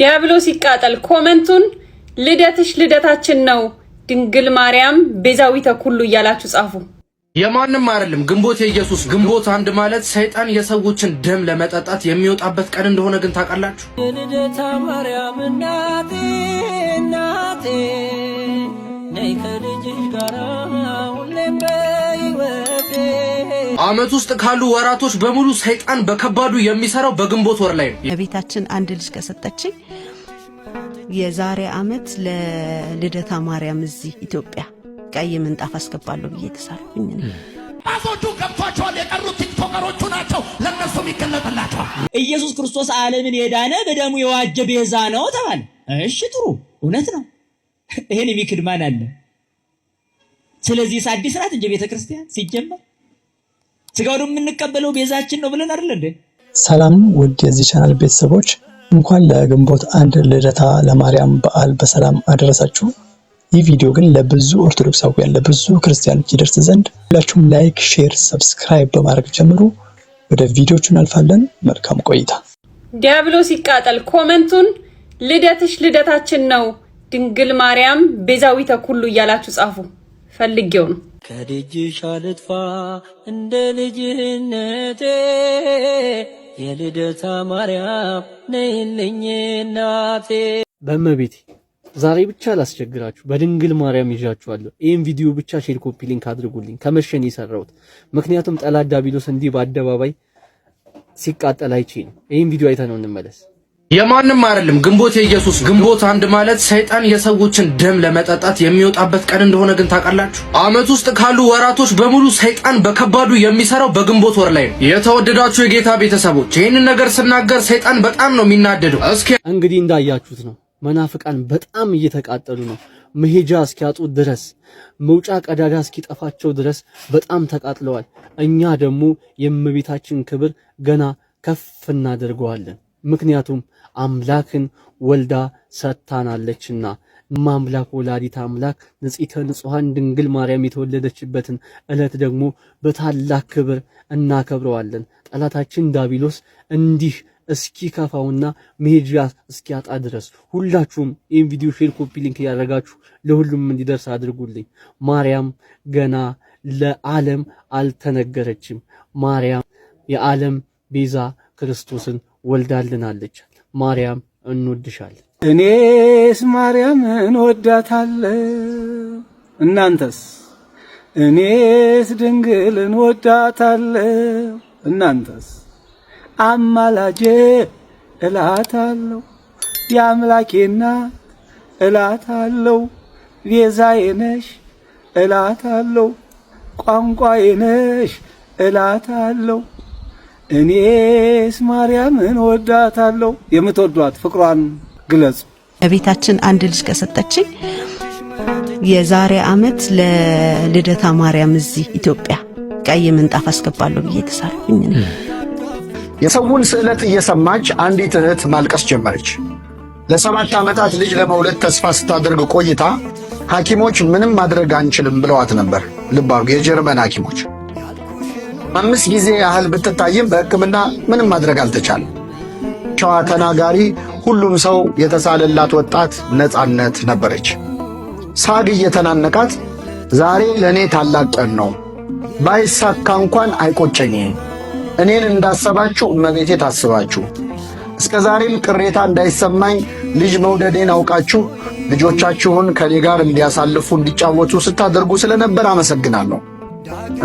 ዲያብሎስ ይቃጠል። ኮመንቱን ልደትሽ ልደታችን ነው ድንግል ማርያም ቤዛዊተ ኩሉ እያላችሁ ጻፉ። የማንም አይደለም ግንቦት የኢየሱስ ግንቦት አንድ ማለት ሰይጣን የሰዎችን ደም ለመጠጣት የሚወጣበት ቀን እንደሆነ ግን ታውቃላችሁ። ልደታ ማርያም እናቴ እናቴ ነይ ከልጅሽ በአመት ውስጥ ካሉ ወራቶች በሙሉ ሰይጣን በከባዱ የሚሰራው በግንቦት ወር ላይ ነው። ቤታችን አንድ ልጅ ከሰጠችኝ የዛሬ አመት ለልደታ ማርያም እዚህ ኢትዮጵያ ቀይ ምንጣፍ አስገባለሁ ብዬ ተሳልኩኝ። ራሶቹ ገብቷቸዋል። የቀሩት ቲክቶከሮቹ ናቸው። ለእነሱም ይገለጥላቸዋል። ኢየሱስ ክርስቶስ ዓለምን የዳነ በደሙ የዋጀ ቤዛ ነው ተባለ። እሺ ጥሩ እውነት ነው። ይህን የሚክድ ማን አለ? ስለዚህ አዲስ ናት እንጂ ቤተ ክርስቲያን ሲጀመር ስጋውን የምንቀበለው ቤዛችን ነው ብለን አይደል እንዴ? ሰላም ውድ የዚህ ቻናል ቤተሰቦች እንኳን ለግንቦት አንድ ልደታ ለማርያም በዓል በሰላም አደረሳችሁ። ይህ ቪዲዮ ግን ለብዙ ኦርቶዶክሳውያን ለብዙ ክርስቲያኖች ይደርስ ዘንድ ሁላችሁም ላይክ፣ ሼር፣ ሰብስክራይብ በማድረግ ጀምሩ። ወደ ቪዲዮቹ እናልፋለን። መልካም ቆይታ። ዲያብሎስ ይቃጠል። ኮመንቱን ልደትሽ ልደታችን ነው ድንግል ማርያም ቤዛዊተ ኩሉ እያላችሁ ጻፉ። ፈልጌው ነው ከደጅሽ አልጥፋ እንደ ልጅነቴ የልደታ ማርያም ነይልኝ እናቴ። በእመቤቴ ዛሬ ብቻ ላስቸግራችሁ በድንግል ማርያም ይዣችኋለሁ። ይህም ቪዲዮ ብቻ ሼር፣ ኮፒ ሊንክ አድርጉልኝ። ከመሸን የሰራሁት ምክንያቱም ጠላት ዲያብሎስ እንዲህ በአደባባይ ሲቃጠል አይቼ ነው። ይህም ቪዲዮ አይተነው እንመለስ። የማንም አይደለም ግንቦት የኢየሱስ ግንቦት አንድ ማለት ሰይጣን የሰዎችን ደም ለመጠጣት የሚወጣበት ቀን እንደሆነ ግን ታውቃላችሁ። አመት ውስጥ ካሉ ወራቶች በሙሉ ሰይጣን በከባዱ የሚሰራው በግንቦት ወር ላይ ነው። የተወደዳችሁ የጌታ ቤተሰቦች ይህንን ነገር ስናገር ሰይጣን በጣም ነው የሚናደደው። እስኪ እንግዲህ እንዳያችሁት ነው መናፍቃን በጣም እየተቃጠሉ ነው። መሄጃ እስኪያጡ ድረስ መውጫ ቀዳዳ እስኪጠፋቸው ድረስ በጣም ተቃጥለዋል። እኛ ደግሞ የእመቤታችን ክብር ገና ከፍ እናደርገዋለን። ምክንያቱም አምላክን ወልዳ ሰጥታናለችና ማምላክ ወላዲት አምላክ ንጽሕተ ንጹሐን ድንግል ማርያም የተወለደችበትን ዕለት ደግሞ በታላቅ ክብር እናከብረዋለን። ጠላታችን ዳቢሎስ እንዲህ እስኪከፋውና መሄጃ እስኪያጣ ድረስ ሁላችሁም ይህን ቪዲዮ ሼር፣ ኮፒ ሊንክ እያደረጋችሁ ለሁሉም እንዲደርስ አድርጉልኝ። ማርያም ገና ለዓለም አልተነገረችም። ማርያም የዓለም ቤዛ ክርስቶስን ወልዳልናለች። ማርያም እንወድሻለን። እኔስ ማርያም እንወዳታለን። እናንተስ? እኔስ ድንግል እንወዳታለን። እናንተስ? አማላጄ እላታለሁ፣ የአምላኬና እላታለሁ፣ ቤዛዬ ነሽ እላታለሁ፣ ቋንቋዬ ነሽ እላታለሁ እኔስ ማርያምን ወዳታለሁ። የምትወዷት ፍቅሯን ግለጽ። እቤታችን አንድ ልጅ ከሰጠችኝ የዛሬ አመት ለልደታ ማርያም እዚህ ኢትዮጵያ ቀይ ምንጣፍ አስገባለሁ ብዬ ተሳልኩኝ። የሰውን ስዕለት እየሰማች አንዲት እህት ማልቀስ ጀመረች። ለሰባት ዓመታት ልጅ ለመውለድ ተስፋ ስታደርግ ቆይታ ሐኪሞች ምንም ማድረግ አንችልም ብለዋት ነበር። ልባሩ የጀርመን ሐኪሞች አምስት ጊዜ ያህል ብትታይም በሕክምና ምንም ማድረግ አልተቻለም። ሸዋ ተናጋሪ ሁሉም ሰው የተሳለላት ወጣት ነፃነት ነበረች። ሳግ እየተናነቃት ዛሬ ለእኔ ታላቅ ቀን ነው፣ ባይሳካ እንኳን አይቆጨኝም። እኔን እንዳሰባችሁ እመቤቴ ታስባችሁ፣ እስከ ዛሬም ቅሬታ እንዳይሰማኝ ልጅ መውደዴን አውቃችሁ ልጆቻችሁን ከኔ ጋር እንዲያሳልፉ እንዲጫወቱ ስታደርጉ ስለነበር አመሰግናለሁ።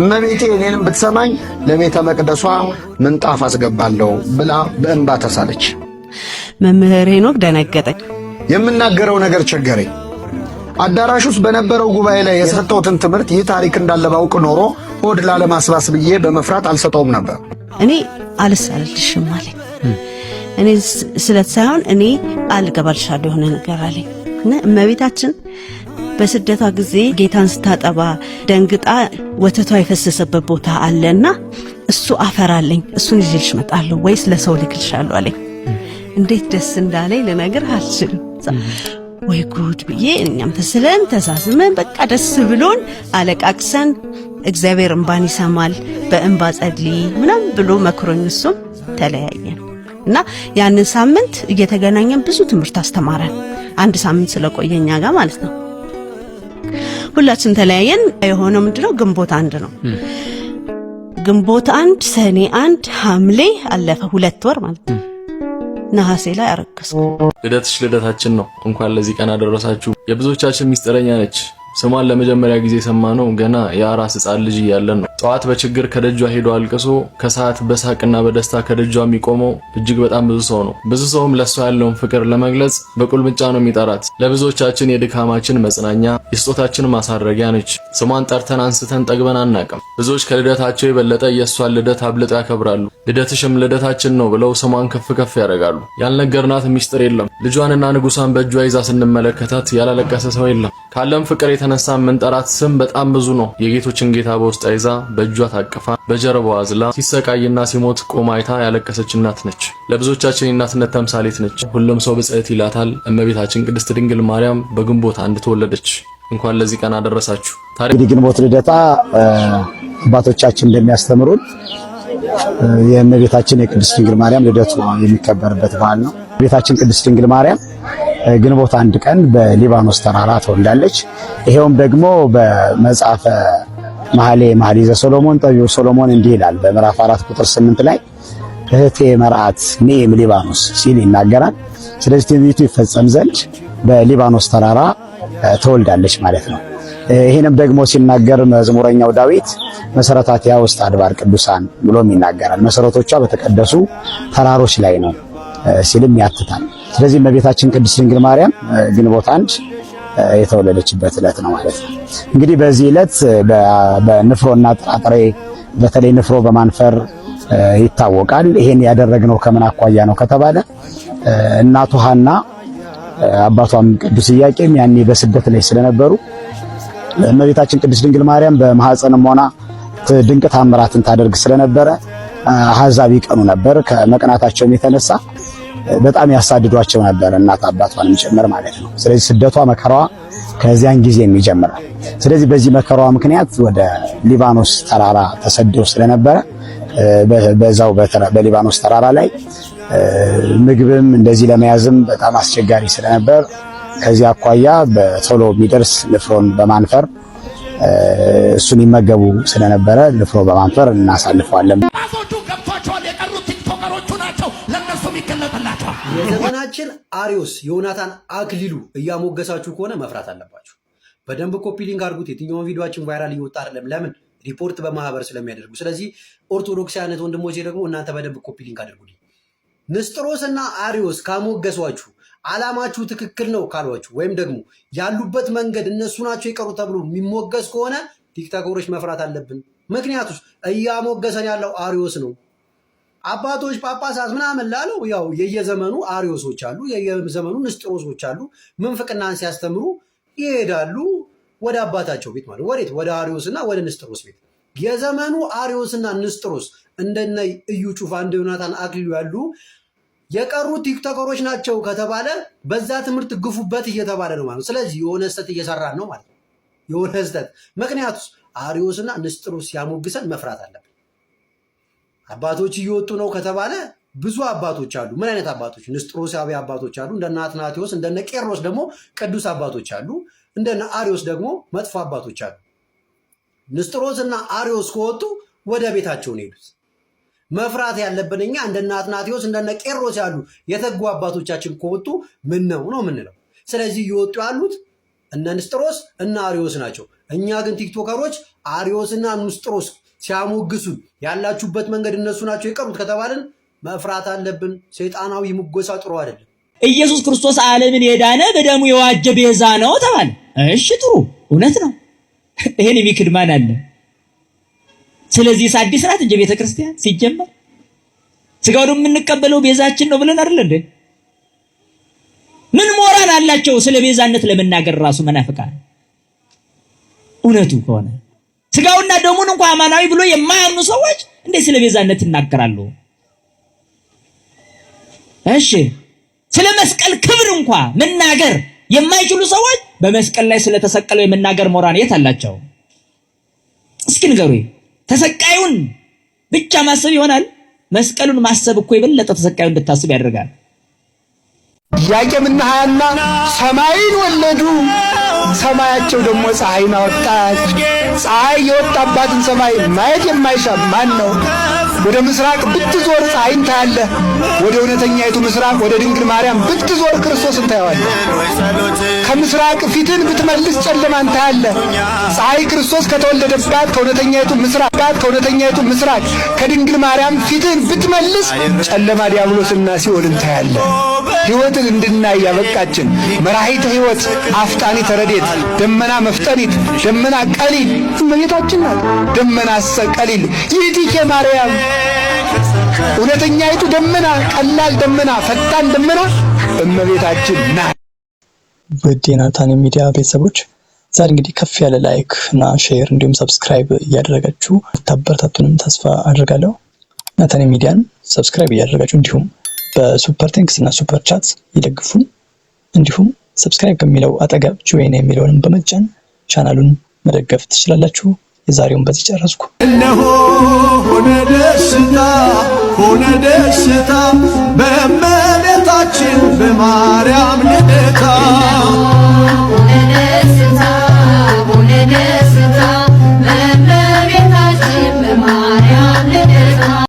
እመቤቴ እኔንም ብትሰማኝ ለቤተ መቅደሷ ምንጣፍ አስገባለሁ ብላ በእንባ ተሳለች። መምህር ሄኖክ ደነገጠኝ። የምናገረው ነገር ቸገረኝ። አዳራሽ ውስጥ በነበረው ጉባኤ ላይ የሰጠሁትን ትምህርት ይህ ታሪክ እንዳለ ባውቅ ኖሮ ሆድ ላለማስባስ ብዬ በመፍራት አልሰጠውም ነበር። እኔ አልሳልልሽም አለኝ። እኔ ስለት ሳይሆን እኔ አልገባልሻለሁ የሆነ ነገር አለኝ። እመቤታችን በስደቷ ጊዜ ጌታን ስታጠባ ደንግጣ ወተቷ የፈሰሰበት ቦታ አለና እሱ አፈራለኝ እሱን ይዤልሽ እመጣለሁ ወይስ ለሰው ልክልሻለሁ አለኝ። እንዴት ደስ እንዳለኝ ልነግርህ አልችልም። ወይ ጉድ ብዬ እኛም ተስለን ተሳስመን በቃ ደስ ብሎን አለቃቅሰን እግዚአብሔር እንባን ይሰማል በእንባ ጸልይ ምናም ብሎ መክሮኝ እሱም ተለያየን እና ያንን ሳምንት እየተገናኘን ብዙ ትምህርት አስተማረን። አንድ ሳምንት ስለቆየ እኛ ጋር ማለት ነው። ሁላችን ተለያየን። የሆነው ምንድነው ግንቦት አንድ ነው። ግንቦት አንድ ሰኔ አንድ ሐምሌ አለፈ ሁለት ወር ማለት ነው። ነሐሴ ላይ አረገዝኩ። ልደትሽ ልደታችን ነው። እንኳን ለዚህ ቀን አደረሳችሁ። የብዙዎቻችን ሚስጥረኛ ነች። ስሟን ለመጀመሪያ ጊዜ የሰማነው ገና የአራስ ህፃን ልጅ እያለን ነው። ጠዋት በችግር ከደጇ ሄዶ አልቅሶ ከሰዓት በሳቅና በደስታ ከደጇ የሚቆመው እጅግ በጣም ብዙ ሰው ነው። ብዙ ሰውም ለእሷ ያለውን ፍቅር ለመግለጽ በቁልምጫ ነው የሚጠራት። ለብዙዎቻችን የድካማችን መጽናኛ፣ የስጦታችን ማሳረጊያ ነች። ስሟን ጠርተን አንስተን ጠግበን አናቅም። ብዙዎች ከልደታቸው የበለጠ የእሷን ልደት አብልጠው ያከብራሉ። ልደትሽም ልደታችን ነው ብለው ስሟን ከፍ ከፍ ያደርጋሉ። ያልነገርናት ሚስጥር የለም። ልጇንና ንጉሷን በእጇ ይዛ ስንመለከታት ያላለቀሰ ሰው የለም። ካለም ፍቅር የተነሳ የምንጠራት ስም በጣም ብዙ ነው። የጌቶችን ጌታ በውስጥ ይዛ በእጇ ታቅፋ በጀርባዋ አዝላ ሲሰቃይና ሲሞት ቆማ አይታ ያለቀሰች እናት ነች። ለብዙዎቻችን የእናትነት ተምሳሌት ነች። ሁሉም ሰው ብጽዕት ይላታል። እመቤታችን ቅድስት ድንግል ማርያም በግንቦት አንድ ተወለደች። እንኳን ለዚህ ቀን አደረሳችሁ። ታዲያ ግንቦት ልደታ አባቶቻችን እንደሚያስተምሩን የእመቤታችን የቅድስት ድንግል ማርያም ልደቱ የሚከበርበት በዓል ነው። እመቤታችን ቅድስት ድንግል ማርያም ግንቦት አንድ ቀን በሊባኖስ ተራራ ተወልዳለች። ይሄውም ደግሞ በመጽሐፈ መኃልየ መኃልይ ሶሎሞን ጠቢቡ ሶሎሞን እንዲህ ይላል በምዕራፍ አራት ቁጥር ስምንት ላይ እህቴ መርዓት ኒም ሊባኖስ ሲል ይናገራል። ስለዚህ ትንቢቱ ይፈጸም ዘንድ በሊባኖስ ተራራ ተወልዳለች ማለት ነው። ይህንም ደግሞ ሲናገር መዝሙረኛው ዳዊት መሰረታቲያ ውስጥ አድባር ቅዱሳን ብሎም ይናገራል። መሰረቶቿ በተቀደሱ ተራሮች ላይ ነው ሲልም ያትታል። ስለዚህ እመቤታችን ቅድስት ድንግል ማርያም ግንቦት አንድ የተወለደችበት ዕለት ነው ማለት ነው። እንግዲህ በዚህ ዕለት በንፍሮና ጥራጥሬ በተለይ ንፍሮ በማንፈር ይታወቃል። ይሄን ያደረግነው ከምን አኳያ ነው ከተባለ እናቱ ሐና አባቷም ቅዱስ ኢያቄም ያኔ በስደት ላይ ስለነበሩ እመቤታችን ቅድስት ድንግል ማርያም በማኅፀንም ሆና ድንቅ ታምራትን ታደርግ ስለነበረ አሕዛብ ይቀኑ ነበር። ከመቅናታቸውም የተነሳ በጣም ያሳድዷቸው ነበር፣ እናት አባቷንም ጭምር ማለት ነው። ስለዚህ ስደቷ መከራዋ ከዚያን ጊዜ የሚጀምር ነው። ስለዚህ በዚህ መከራዋ ምክንያት ወደ ሊባኖስ ተራራ ተሰደው ስለነበረ በዛው በሊባኖስ ተራራ ላይ ምግብም እንደዚህ ለመያዝም በጣም አስቸጋሪ ስለነበር ከዚህ አኳያ በቶሎ የሚደርስ ንፍሮን በማንፈር እሱን ይመገቡ ስለነበረ ንፍሮ በማንፈር እናሳልፈዋለን። ገብቷቸዋል የቀሩት ቲክቶከሮቹ ይገለጥላቸዋል። የዘመናችን አሪዮስ ዮናታን አክሊሉ እያሞገሳችሁ ከሆነ መፍራት አለባችሁ። በደንብ ኮፒሊንግ አድርጉት። የትኛውን ቪዲዮችን ቫይራል እየወጣ አይደለም። ለምን ሪፖርት በማህበር ስለሚያደርጉ። ስለዚህ ኦርቶዶክስ አይነት ወንድሞቼ ደግሞ እናንተ በደንብ ኮፒሊንግ አድርጉልኝ። ንስጥሮስ እና አሪዮስ ካሞገሷችሁ አላማችሁ ትክክል ነው ካሏችሁ ወይም ደግሞ ያሉበት መንገድ እነሱ ናቸው የቀሩ ተብሎ የሚሞገስ ከሆነ ቲክቶከሮች መፍራት አለብን። ምክንያቱስ እያሞገሰን ያለው አሪዮስ ነው። አባቶች ጳጳሳት ምናምን ላለው ያው የየዘመኑ አሪዮሶች አሉ፣ የየዘመኑ ንስጥሮሶች አሉ። ምንፍቅናን ሲያስተምሩ ይሄዳሉ ወደ አባታቸው ቤት ማለት ወዴት? ወደ አሪዮስና ወደ ንስጥሮስ ቤት። የዘመኑ አሪዮስና ንስጥሮስ እንደነ እዩ ጩፋ እንደ ዮናታን አክሊሉ ያሉ የቀሩ ቲክቶከሮች ናቸው ከተባለ በዛ ትምህርት ግፉበት እየተባለ ነው ማለት ስለዚህ የሆነ ስተት እየሰራን ነው ማለት ነው። የሆነ ስተት ምክንያቱስ አሪዮስና ንስጥሮስ ያሞግሰን መፍራት አለብን። አባቶች እየወጡ ነው ከተባለ ብዙ አባቶች አሉ። ምን አይነት አባቶች? ንስጥሮሳዊ አባቶች አሉ። እንደነ አትናቴዎስ፣ እንደነ ቄሮስ ደግሞ ቅዱስ አባቶች አሉ። እንደነ አሪዎስ ደግሞ መጥፎ አባቶች አሉ። ንስጥሮስ እና አሪዎስ ከወጡ ወደ ቤታቸውን ሄዱት። መፍራት ያለብን እኛ እንደነ አትናቴዎስ፣ እንደነ ቄሮስ ያሉ የተጉ አባቶቻችን ከወጡ ምን ነው ነው ምንለው። ስለዚህ እየወጡ ያሉት እነ ንስጥሮስ እና አሪዎስ ናቸው። እኛ ግን ቲክቶከሮች አሪዎስና ንስጥሮስ ሲያሞግሱን ያላችሁበት መንገድ እነሱ ናቸው የቀሩት ከተባልን መፍራት አለብን። ሰይጣናዊ ሙጎሳ ጥሩ አይደለም። ኢየሱስ ክርስቶስ ዓለምን የዳነ በደሙ የዋጀ ቤዛ ነው ተባለ። እሺ ጥሩ እውነት ነው። ይሄን የሚክድ ማን አለ? ስለዚህ አዲስ ስርዓት እንጂ ቤተ ክርስቲያን ሲጀመር ስጋውን የምንቀበለው ቤዛችን ነው ብለን አይደል እንዴ? ምን ሞራል አላቸው ስለ ቤዛነት ለመናገር ራሱ መናፍቃ እውነቱ ከሆነ ስጋውና ደሙን እንኳ አማናዊ ብሎ የማያምኑ ሰዎች እንዴት ስለ ቤዛነት ይናገራሉ? እሺ ስለ መስቀል ክብር እንኳ መናገር የማይችሉ ሰዎች በመስቀል ላይ ስለተሰቀለው የመናገር ሞራን የት አላቸው? እስኪ ንገሩኝ። ተሰቃዩን ብቻ ማሰብ ይሆናል? መስቀሉን ማሰብ እኮ የበለጠ ተሰቃዩ እንድታስብ ያደርጋል። ኢያቄምና ሐናና ሰማይን ወለዱ። ሰማያቸው ደግሞ ፀሐይን አወጣች። ፀሐይ የወጣባትን ሰማይ ማየት የማይሻ ማን ነው? ወደ ምስራቅ ብትዞር ፀሐይን ታያለህ። ወደ እውነተኛይቱ ምስራቅ ወደ ድንግል ማርያም ብትዞር ክርስቶስን ታየዋለህ። ከምስራቅ ፊትን ብትመልስ ጨለማን ታያለህ። ፀሐይ ክርስቶስ ከተወለደባት ከእውነተኛይቱ ምስራቅ ከእውነተኛይቱ ምስራቅ ከድንግል ማርያም ፊትን ብትመልስ ጨለማ ዲያብሎስና ሲኦልን ታያለህ። ሕይወትን እንድናይ ያበቃችን መራሒተ ሕይወት አፍጣኒ ተረዴት ደመና መፍጠኒት ደመና ቀሊል እመቤታችን ናት። ደመና ሰቀሊል ይእቲ ማርያም እውነተኛይቱ ይቱ ደመና፣ ቀላል ደመና፣ ፈጣን ደመና እመቤታችን ና። ውድ የናታን ሚዲያ ቤተሰቦች ዛሬ እንግዲህ ከፍ ያለ ላይክ እና ሼር እንዲሁም ሰብስክራይብ እያደረጋችሁ ታበረታቱንም ተስፋ አድርጋለሁ። ናታን ሚዲያን ሰብስክራይብ እያደረጋችሁ እንዲሁም በሱፐር ቴንክስ እና ሱፐር ቻት ይደግፉን። እንዲሁም ሰብስክራይብ ከሚለው አጠገብ ጆይን የሚለውንም በመጫን ቻናሉን መደገፍ ትችላላችሁ። የዛሬውን በዚህ ጨረስኩ። እነሆ ሆነ ደስታ ሆነ ደስታ በእመቤታችን በማርያም ልደታ